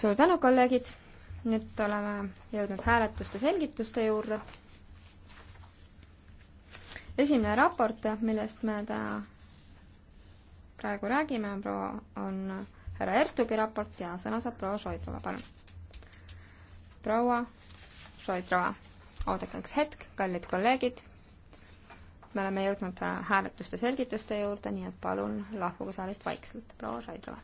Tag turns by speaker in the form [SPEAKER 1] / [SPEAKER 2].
[SPEAKER 1] suur tänu, kolleegid. nüüd oleme jõudnud hääletuste selgituste juurde. esimene raport, millest me täna praegu räägime, proua, on härra Ertugi raport ja sõna saab proua Šoidrova, palun. proua Šoidrova, oodake üks hetk, kallid kolleegid me oleme jõudnud äh, hääletuste selgituste juurde, nii et palun lahkuge saalist vaikselt, proua Raidla.